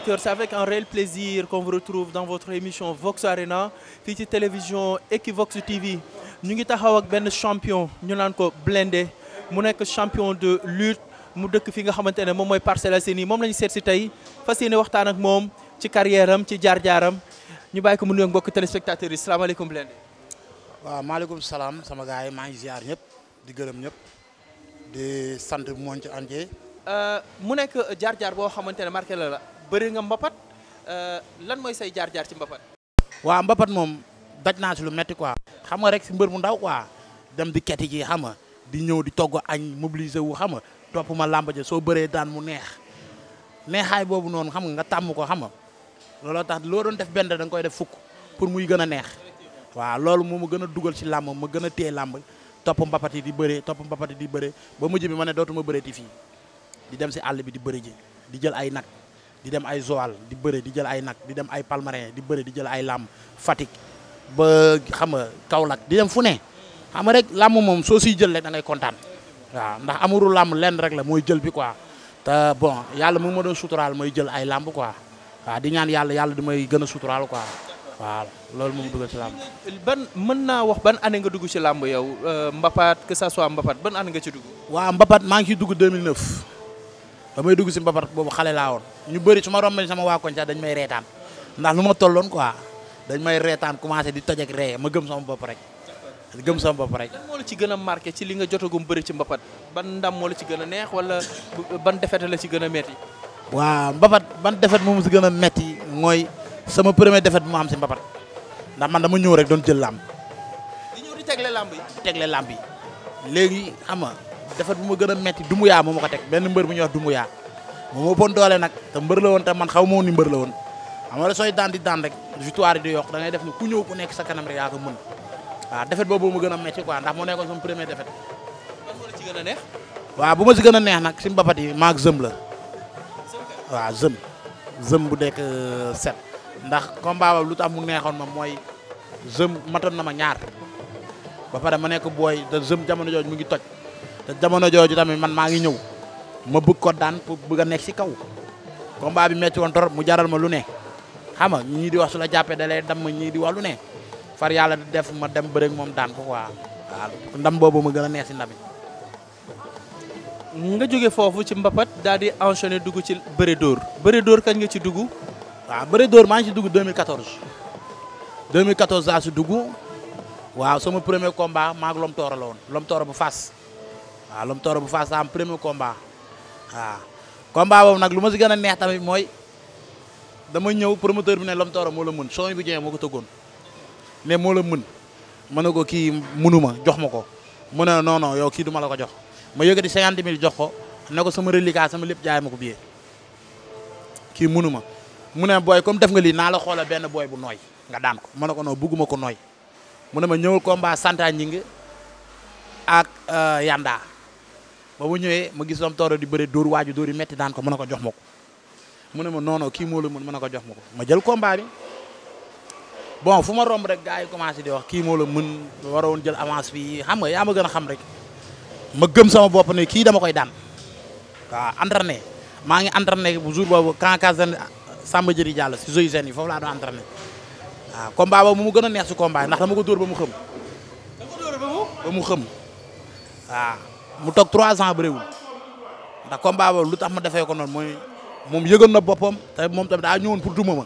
téléspectateurs c'est avec un réel plaisir qu'on vous retrouve dans votre émission Vox Arena fii ci télévision Equivox TV ñu ngi taxaw ak benn champion ñu naan ko Blindé mu nekk champion de lutte mu dëkk fi nga xamante ne moom mooy Parcelles Assainies moom la ñu seet si tey fas yéene waxtaan ak moom ci carrière am ci jaar-jaaram ñu bàyyi ko mu nuyoog mbokk téléspectateurs yi salaamaaleykum Blindé. waaw maaleykum salaam sama gars yi maa ngi ziar ñëpp di gërëm ñëpp di sant monde entier. Euh, mu nekk jaar-jaar boo xamante ne marqué la bëri nga mbapat euh, lan mooy say jaar-jaar ci mbapat. waa mbapat moom daj naa si lu metti quoi. xam nga rek si mbër mu ndaw waa dem di keti jii xam nga di ñëw di togg añ mobiliser wu xam nga topp ma làmba ja soo bëree daan mu neex neexaay boobu noonu xam nga tàmm ko xam nga looloo tax loo doon def benn da koy def fukk pour muy gën a neex waaw loolu moom ma gën a dugal si làmb ma gën a téye làmb topp mbapat yi di bëree topp mbapat yi di bëree ba mujj bi ma ne dootuma bëreeti fii di dem si àll bi di bëri ji di jël ay nag di dem ay Joal di bëre di jël ay nag di dem ay Palmarin di bëre di jël ay làmb Fatick ba xam nga Kaolack di dem fu ne xam rek làmb moom soo siy jël rek da ngay kontaan waaw ndax amuru làmb lenn rek la mooy jël bi quoi te bon yàlla mu ma doon suturaal mooy jël ay làmb quoi waaw di ñaan yàlla yàlla di may gën a suturaal quoi waaw loolu moom dugg ci làmb. ban mën naa wax ban année nga dugg si làmb yow euh, mbapaat que ça soit Mbapat ban année nga ci dugg. waaw Mbapat damay dugg si mbapat boobu xale laa woon ñu bëri su ma rombee sama waa koñ sax dañ may reetaan ndax lu ma tolloon quoi dañ may reetaan commencé di toj ak ree ma gëm sama bopp rek gëm ci gën a marqué ci li nga jotagum bëri ci mbapat ban ndam la ci gën a neex wala ban defet la ci gën a metti. waaw mbapat ban defet moom si gën a metti mooy sama premier defet ma am si mbapat ndax man dama ñëw rek doon jël làmb. di ñëw di tegle làmb yi. léegi xam defet bu ma gën a metti muyaa moo ma ko teg benn mbër bu ñuy du Dumbuya moo ma bon doole nag te mbër la woon te man xaw ma woon ni mbër la woon xam nga sooy daan di daan rek victoire yi di yokk da def ni ku ñëw ku nekk sa kanam rek yaa ko mën waaw defet boobu ma gën a metti quoi ndax moo nekkoon sama premier defet ci waaw bu ma si gën a neex nag si mbapat yi maag zëm la waaw zëm bu dekk euh, set ndax combat ba lu tax mu neexoon ma mooy zëm matoon na ma ñaar ba pare ma nekk booy te zëm jamono jooju mu ngi toj te jamono jooju tamit man maa ngi ñëw ma bëgg ko daan pour bëgg a nekk ci kaw combat bi métti woon trop mu jaral ma lu ne xam nga ñii di wax su la jàppee da lay damm ñii di wax ne far yàlla def ma dem bëreeg moom daan ko quoi waaw ndam boobu ma gën a neex si ndam nga jóge foofu ci mbapat daal di enchaîner dugg ci bëre dóor bëre dóor kañ nga ci dugg waaw bëre dóor maa ngi ci dugg 2014 2014 laa si dugg waaw sama premier combat maa ngi lom toora la woon lom toora bu fas waaw lum tooro bu faas am premier combat waaw combat boobu nag lu ma si gën a neex tamit mooy dama ñëw promoteur bi ne lom tooro moo la mën soo bu jeexee moo ko tëggoon ne moo la mën mën na ko kii mënuma jox ma ko mu ne non non yow kii duma la ko jox ma yëkkati cinquante mille jox ko ne ko sama reliquat sama lépp jaay ma ko biyee kii mënuma mu ne booy comme def nga lii naa la xoola benn booy bu nooy nga daan ko ma ne ko non bugguma ko nooy mu na ma ñëwul komba santa ñing ak euh, yanda ba bu ñëwee ma gis lam tooro di bëre door waaju dóor yi metti daan ko mën a ko jox ma ko mu ne ma non kii moo la mën mën a ko jox ma ko ma jël combat bi bon fu ma romb rek gaa yi commencé di wax kii moo la mën waroon jël avance bi xam nga yaa ma a xam rek ma gëm sama bopp ne kii dama koy daan waaw entraîné maa ngi entraîné bu jour boobu camp caserne Samba Jëri Diallo si zoyu seen yi foofu laa doon entraîné waaw combat boobu mu gën a neex si combat yi ndax dama ko dóor ba mu xëm ba mu xëm waaw mu toog trois ans bëriwul ndax combat boobu lu tax ma defee ko noonu mooy moom yëgoon na boppam moom tamit daa ñëwoon pour duma ma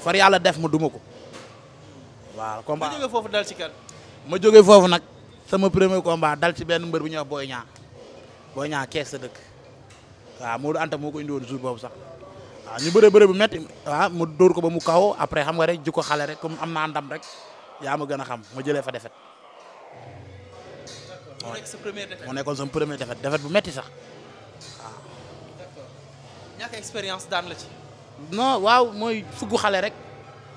far yàlla def ma duma ko waaw. combat ma foofu dal ci ma jógee foofu nag sama premier combat dal ci benn mbër bu ñuy wax Boy Niang Boy Niang kees sa dëkk waaw Modou Anta moo ko indi woon jour boobu sax waaw ñu bëree bëri bu métti waaw mu dóor ko ba mu kaw après xam nga rek ji ko xale rek comme am naa ndam rek yaa ma gën a xam ma jëlee fa defet mu nekk sa première défaite mu nekkoon sama première défaite défaite bu metti sax waaw. mooy fuggu xale rek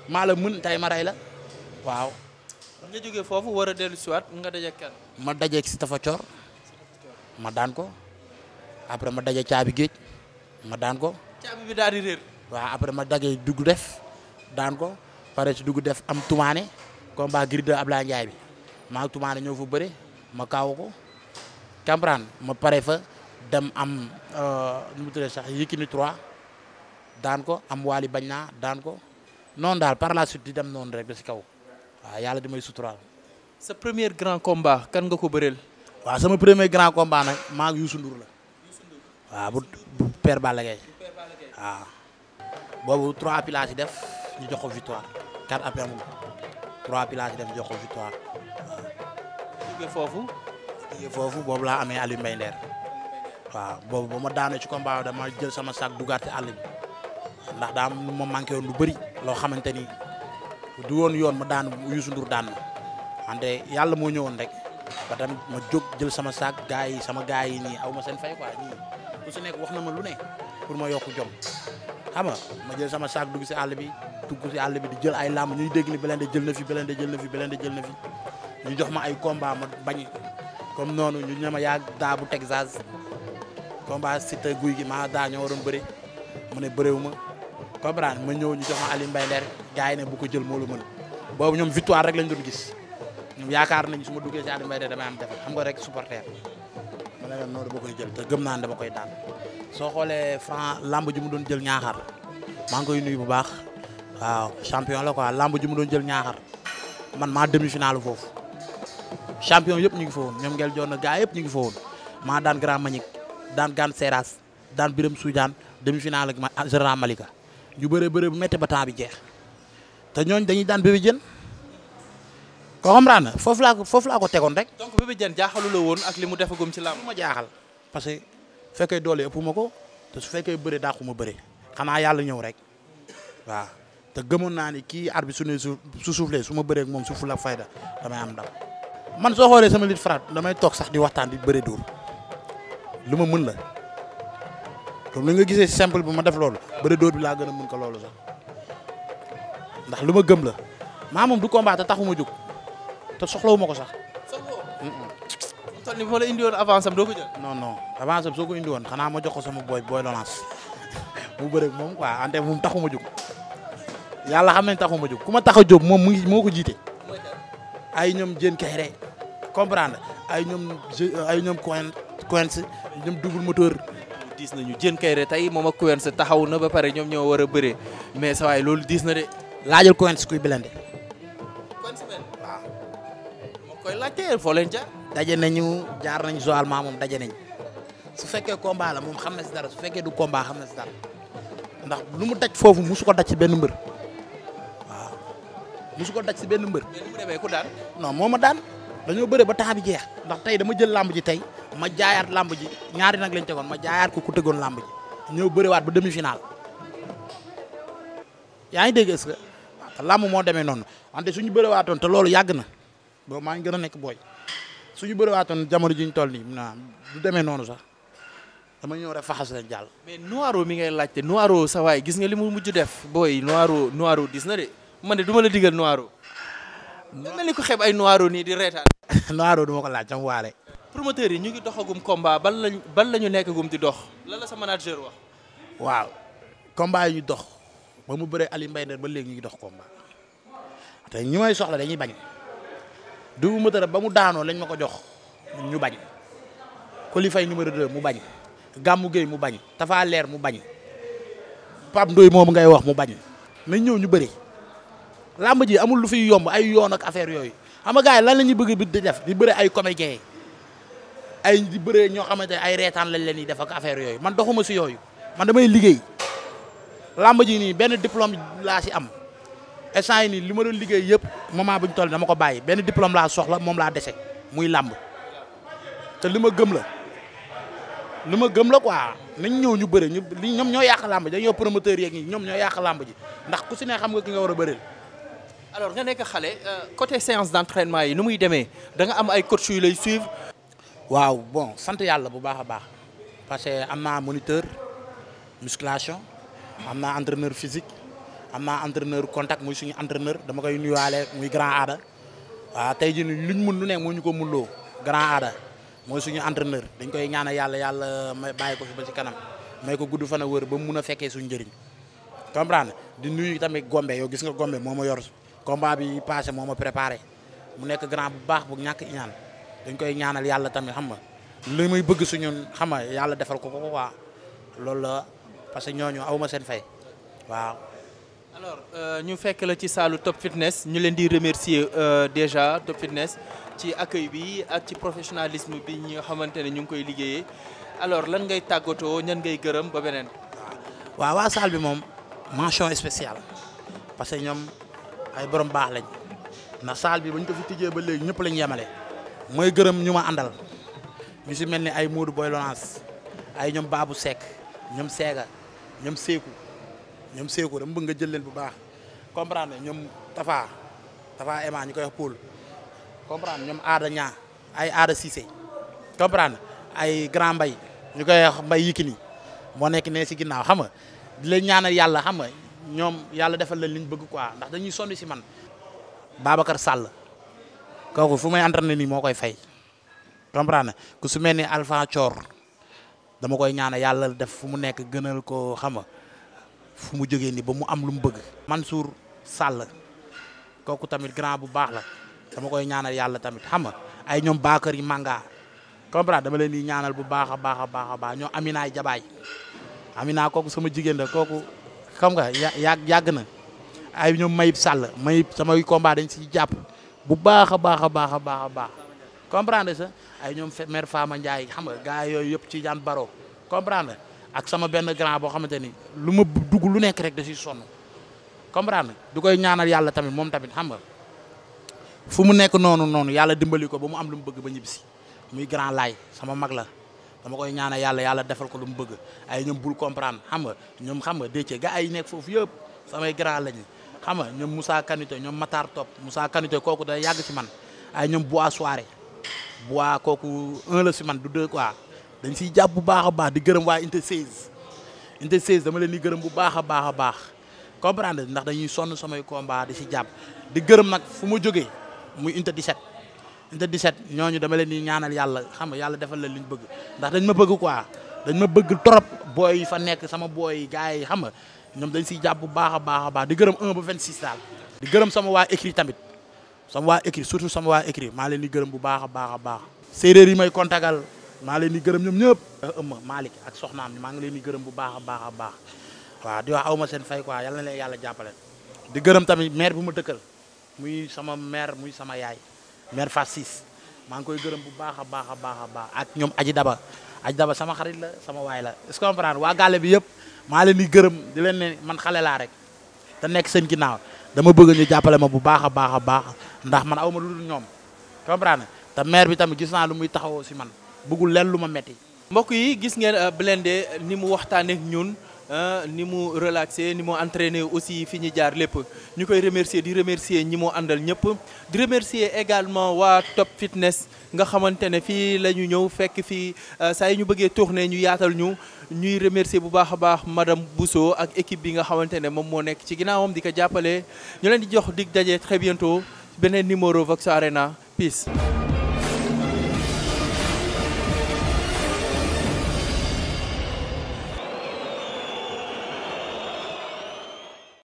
maa la mën tey ma rey la waaw. nga jógee foofu war a dellu si nga daje ma daje si tafa coor ma daan ko après ma daje caabi géej ma daan ko. caabi bi daal di réer. waaw après ma daje dugg def daan ko pare si dugg def am tumaane combat Gris de Ablaye Ndiaye bi maa ngi tumaane ñëw fa bëre. ma kaaw ko comprendre ma pare fa dem am euh, nu mu tuddee sax Yékini 3 daan ko am waali bañ naa daan ko noonu daal par la suite di dem noonu rek ba si kaw waaw yàlla di may suturaal. sa premier grand combat kan nga ko bëreel. waaw sama premier grand combat nag maa ngi Youssou la. waaw bu bu Père Balla boobu trois pilages yi def ñu jox ko victoire quatre appuis trois pilages yi def ñu jox ko victoire. foofu. foofu boobu laa amee Aliou Mbaye Nder waaw boobu ba ma daanoo ci combat dama jël sama sac dugaat ci àll bi ndax daa ma manqué woon lu bëri loo xamante ni du woon yoon ma daan Youssou Ndour daan ma wante yàlla moo ñëwoon rek ba tamit ma jóg jël sama sac gars yi sama gars yi nii aw ma seen fay quoi si nekk wax na ma lu ne pour ma yokk jom xam nga ma jël sama sac dugg si àll bi dugg si àll bi di jël ay làmb ñuy dégg ni da jël na fi Blindé jël na fi Blindé jël na fi. ñu jox ma ay combat ma bañ comme noonu ñu ñama yaag daa bu Texas combat guy gi maa daa ñoo mu ne bëréewu ma comprendre ma ñëw ñu jox ma Aliou Mbaye leer yi ne bu ko jël moo la mën boobu ñoom victoire rek lañ doon gis ñoom yaakaar nañ su ma duggee si Aliou Mbaye damay am defet xam nga rek supporter ma ne leen gëm naa ne dama koy daan soo xoolee franc lamb ji mu doon jël ñaaxar maa ngi koy nuyu bu baax waaw champion la quoi lamb ji mu doon jël ñaaxar man maa demi-finale foofu champion yëpp ñu ngi fa woon ñoom ngel joon na gaa yëpp ñu ngi fa woon maa daan grand Manick daan gaan Seras daan Biram Soudiane demi finale ak Malika ñu bëree bëree bu métti ba temps bi jeex te ñooñ dañuy daan bébé jën ko comprendre na foofu laa ko foofu laa ko tegoon rek. donc bébé jën jaaxalu woon ak li mu defagum ci làmb ma jaaxal parce que fekkee doole ëpp ma ko te su fekkee bëre dàqu ma bëre xanaa yàlla ñëw rek waaw te gëmoon naa ni kii arbitre su ne su su suuflee ma bëree moom su ful ak man soo xoolee sama lutte frappe damay toog sax di waxtaan di bëre dóor ma mën la comme ni nga gisee simple bi ma def loolu bëre dóor bi laa gën a mën ko loolu sax ndax lu ma gëm la maa moom du kombaat te taxuma jóg te soxla ma ko sax. toll nii foo la indiwoon avance am doo ko jël. non non avance xanaa ma jox ko sama boy boy mu bëre moom quoi ante moom taxuma jóg yàlla xam nañ taxuma jóg ku ma tax a jóg moom mu ngi moo ko jiite. ay ñoom jën kayre comprendre ay ñoom ay ñoom coin coins ñoom double moteur diis nañu jën kayre tey moom ak coins taxaw na ba pare ñoom ñoo war a bëree mais sa waay loolu diis na de laajal coins kuy bilende coins waaw ma koy laajte foo leen jaar daje nañu jaar nañ Joal maa moom daje nañ su fekkee combat la moom xam na si dara su fekkee du combat xam na si dara ndax lu mu daj foofu musu ko daj ci benn mbër musu ko daj si benn mbër. mais ni mu demee daan. non moo ma daan dañoo bëre ba temps bi jeex ndax tey dama jël làmb ji tey ma jaayaat làmb ji ñaari nag lañ tegoon ma jaayaat ko ku tegoon làmb ji ñëw waat ba demi final. yaa ngi dégg est-ce que moo demee noonu wante suñu bëriwaatoon te loolu yàgg na boobu maa ngi gën nekk booy suñu bëriwaatoon jamono ji ñu toll nii du demee noonu sax. dama ñëw rek faxas leen jàll. mais Noiro mi ngay laajte Noiro sa waay gis nga li mu mujj def boy Noiro Noiro dis na man de du ma la digal noiro. da mel ay noiro nii di reetaan. noiro du ma ko laaj sama waale. promoteur yi ñu ngi doxagum komba ban lañ ban la ñu nekkagum di dox. lan la sa manager wax. waaw combat yi ñu dox ba mu bëree Ali Mbaye ba léegi ñu ngi dox combat te ñu may soxla dañuy bañ Double Moteur ba mu daanoo lañ ma ko jox ñu bañ Coly Faye numéro 2 mu bañ gàmmu Gueye mu bañ dafa Leer mu bañ Pape Ndoye moom ngay wax mu bañ nañ ñëw ñu bëri. làmb ji amul lu fi yomb ay yoon ak affaire yooyu xam nga gars yi lan la ñuy bëgg bi di def di bëre ay comédien ay di bëre ñoo xamante ay reetaan lañ leen di def ak affaire yooyu man doxuma si yooyu man damay liggéey làmb ji nii benn diplôme laa si am instant nii li ma doon liggéey yëpp moment bu ñu toll dama ko bàyyi benn diplôme laa soxla moom laa dese muy làmb te li ma gëm la li ma gëm la quoi nañ ñëw ñu bëre ñoom ñoo yàq làmb ji a promoteur yeeg ñi ñoom ñoo yàq làmb ji ndax ku si xam nga ki nga war a bëreel alors nga nekk xale euh, côté séance d'entraînement yi nu muy demee danga am ay coach yu lay suivre. waaw bon sant yàlla bu baax a baax parce que am naa moniteur musculation am naa entraîneur physique am naa entraîneur contact muy suñu entraîneur dama koy nuyuwaale muy grand aada waaw tey jii luñ mun lu ne moo ñu ko munloo grand aada mooy suñu entraîneur dañ koy ñaanal yàlla yàlla may bàyyi ko fi ba ci kanam may ko gudd fan a wër ba mu mun a fekkee suñu njëriñ comprendre di nuyu tamit gombe yow gis nga gombe moo ma yor combat bi passé moo ma préparé mu nekk grand bu baax bu ñàkk ñaan dañ koy ñaanal yàlla tamit xam nga li muy bëgg suñu xam yàlla defal ko ko quoi loolu la parce que ñooñu aw ma seen fay waaw. alors euh, ñu fekk la ci saalu Top Fitness ñu leen di remercier euh, déjà Top Fitness ci accueil bi ak ci professionnalisme bi ñi nga xamante ne ñu ngi koy liggéeyee alors lan ngay tàggatoo ñan ngay gërëm ba beneen. waaw waa salle bi moom mention spéciale parce ñoom. ay borom baax lañ ndax saal bi bañ ba léegi ñëpp lañ yemale mooy gërëm ñu ma àndal ñu si mel ni ay Modou Boy ay ñoom Babou ñoom Seega ñoom Seeku ñoom Seeku dama bëgg nga jël bu baax comprendre ñoom Tafa Tafa Ema ñu koy wax Poul comprendre ñoom Aada Ñaa ay Aada Cissé comprendre ay Grand Mbay ñu koy Mbay Yikini moo nekk ne si ginnaaw xam nga di yàlla xam nga ñoom yàlla defal la liñ bëgg quoi ndax dañuy sonn si man. Babacar Sall kooku fu may entraîné nii moo koy fay comprendre ku su mel ni Alpha dama koy ñaanal yàlla def fu mu nekk gënal koo xam nga fu mu jógee nii ba mu am lu mu bëgg. Mansour sàll kooku tamit grand bu baax la dama koy ñaanal yàlla tamit xam nga ay ñoom baakar yi manga comprendre dama leen di ñaanal bu baax a baax a baax a baax ñoo Amina Jabaay Amina kooku sama jigéen la kooku. xam nga yàgg yàgg na ay ñoom Mayib Sall Mayib samay combat dañ siy jàpp bu baax a baax a baax a baax a baax comprendre ay ñoom mère Fama Ndiaye xam nga gars yooyu yëpp ci jaan baro comprendre ak sama benn grand boo xamante ni lu ma dugg lu nekk rek da siy sonn comprendre du koy ñaanal yàlla tamit moom tamit xam nga fu mu nekk noonu noonu yàlla dimbali ko ba mu am lu mu bëgg ba ñibbisi muy grand laay sama mag la. dama koy ñaana yàlla yàlla defal ko lu mu bëgg ay ñoom bul comprendre xam nga ñoom xam nga décee ga ay nekk foofu yëpp samay grand lañu xam nga ñoom musaa Kanité ñoom mataar topp musaa Kanité kooku day yàgg ci man ay ñoom Bois Soirée Bois kooku un la si man du deux quoi dañ siy jàpp bu baax a baax di gërëm waa Unité 16 Unité 16 dama leen di gërëm bu baax a baax a baax comprendre ndax dañuy sonn samay combat di si jàpp di gërëm nag fu ma jógee muy Unité 17 unité 17 ñooñu dama leen di ñaanal yàlla xam nga yàlla defal la li ñu bëgg ndax dañ ma bëgg quoi dañ ma bëgg trop booy fa nekk sama booy gars yi xam nga ñoom dañ siy jàpp bu baax a baax a baax di gërëm 1 ba 26 daal. di gërëm sama waa écrit tamit sama waa écrit surtout sama waa écrit maa leen di gërëm bu baaxa baaxa baax a baax. séeréer yi may kontagal maa leen di gërëm ñoom ñëpp. ëmma euh, Malick ak soxnaam maa ngi leen di gërëm bu baax a baax a baax waaw di wax aw ma seen fay quoi na leen yàlla jàppale di gërëm tamit maire bu ma dëkkal muy sama maire muy sama yaay maire Fass Cissé maa ngi koy gërëm bu baax a baax a a baax ak ñoom aji daba aji daba sama xarit la sama waay la est-ce que comprendre waa gàlle bi yëpp maa leen di gërëm di leen ne man xale laa rek te nekk seen ginnaaw dama bëgg ñu jàppale ma bu baax a baax a baax ndax man awma lu dul ñoom comprendre te maire bi tamit gis naa lu muy taxawoo si man bëggul leen lu ma metti mbokk gis ngeen euh, Blindé ni mu waxtaanee ak ñun Euh, ni mu relaxé ni mu entraîné aussi fi ñu jaar lépp ñu koy remercier di remercier ñi mu àndal ñëpp di remercier également waa Top Fitness nga xamante ne fii la ñu ñëw fekk fii euh, saa yi ñu bëggee ne ñu yaatal ñu ñuy remercier bu baax a baax madame Bousso ak équipe bi nga xamante ne moom moo nekk ci ginnaawam di ko jàppale ñu leen di jox di daje très bientôt beneen numéro Vox Arena peace